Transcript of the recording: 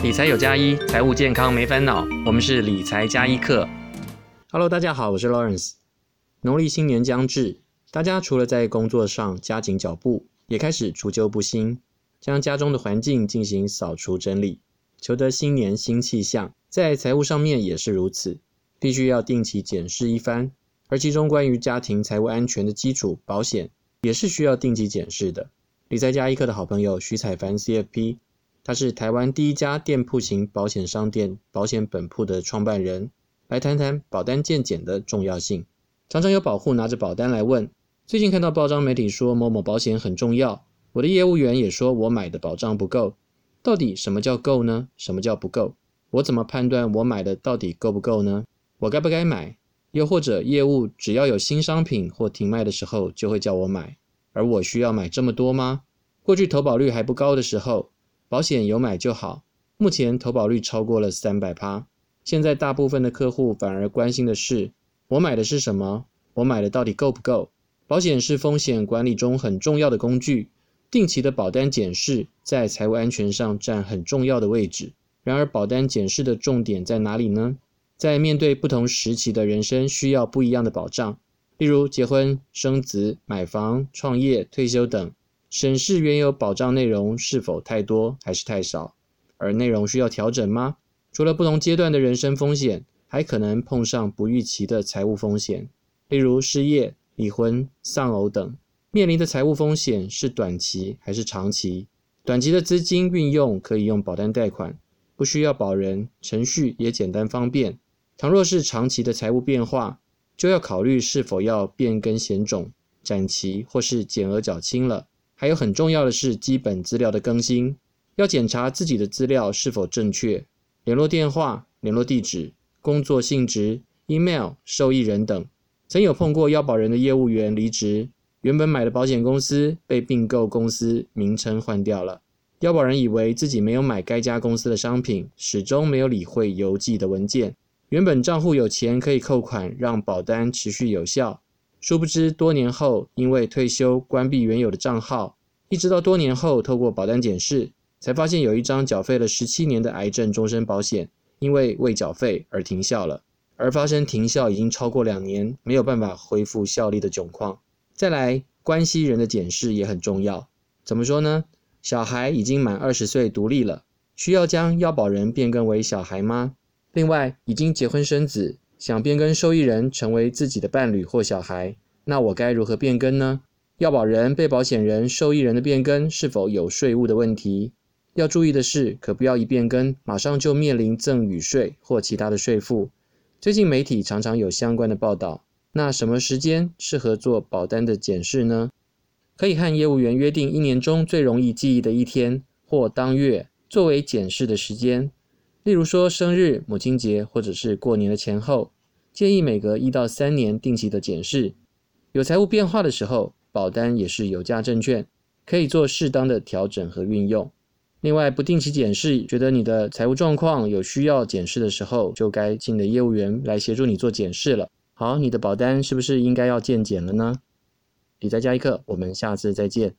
理財有加一，1，財務健康沒煩惱。我們是理財加一課。Hello，大家好，我是 Lawrence。農曆新年將至，大家除了在工作上加緊腳步，也開始除舊布新，將家中的環境進行掃除整理，求得新年新氣象。在財務上面也是如此，必須要定期檢視一番。而其中關於家庭財務安全的基礎保險，也是需要定期檢視的。理財加一課的好朋友徐彩凡 CFP。他是台灣第一家店鋪型保險商店保險本鋪的創辦人，來談談保單健檢的重要性。常常有保戶拿着保單來問，最近看到報章媒體說某某保險很重要，我的業務員也說我買的保障不夠。到底什麼叫夠呢？什麼叫不夠？我怎麼判斷我買的到底夠不夠呢？我該不該買？又或者業務只要有新商品或停賣的時候，就會叫我買，而我需要買這麼多嗎？過去投保率還不高的時候。保險有買就好，目前投保率超過了三百趴。現在大部分的客戶反而關心的是，我買的是什麼？我買的到底夠不夠？保險是風險管理中很重要的工具，定期的保單檢視在財務安全上占很重要的位置。然而，保單檢視的重點在哪裡呢？在面對不同時期的人生需要不一樣的保障，例如結婚、生子、買房、創業、退休等。審視原有保障內容是否太多還是太少，而內容需要調整嗎？除了不同階段的人生風險，還可能碰上不預期的財務風險，例如失業、離婚、喪偶等。面臨的財務風險是短期還是長期？短期的資金運用可以用保單貸款，不需要保人，程序也簡單方便。倘若是長期的財務變化，就要考慮是否要變更險種、展期或是減額繳清了。還有很重要的是基本資料的更新，要檢查自己的資料是否正確，聯絡電話、聯絡地址、工作性質、email、受益人等。曾有碰過要保人的業務員離職，原本買的保險公司被併購公司名稱換掉了，要保人以為自己沒有買該家公司的商品，始終沒有理會郵寄的文件。原本賬戶有錢可以扣款，讓保單持續有效。殊不知，多年後因為退休關閉原有的賬號，一直到多年後透過保單檢視，才發現有一張繳費了十七年的癌症終身保險，因為未繳費而停效了，而發生停效已經超過兩年，沒有辦法恢復效力的窘況。再來，關係人的檢視也很重要。怎麼說呢？小孩已經滿二十歲獨立了，需要將要保人變更為小孩嗎？另外，已經結婚生子，想變更受益人成為自己的伴侶或小孩，那我該如何變更呢？要保人、被保險人、受益人的變更是否有稅務的問題？要注意的是，可不要一變更馬上就面臨贈與稅或其他的稅負。最近媒體常常有相關的報道。那什麼時間適合做保單的檢視呢？可以和業務員約定一年中最容易記憶的一天或當月作為檢視的時間。例如說生日、母親節或者是過年的前後，建議每隔一到三年定期的檢視。有財務變化的時候，保單也是有價證券，可以做適當的調整和運用。另外不定期檢視，覺得你的財務狀況有需要檢視的時候，就該請你的業務員來協助你做檢視了。好，你的保單是不是應該要健檢了呢？理財加一課，我們下次再見。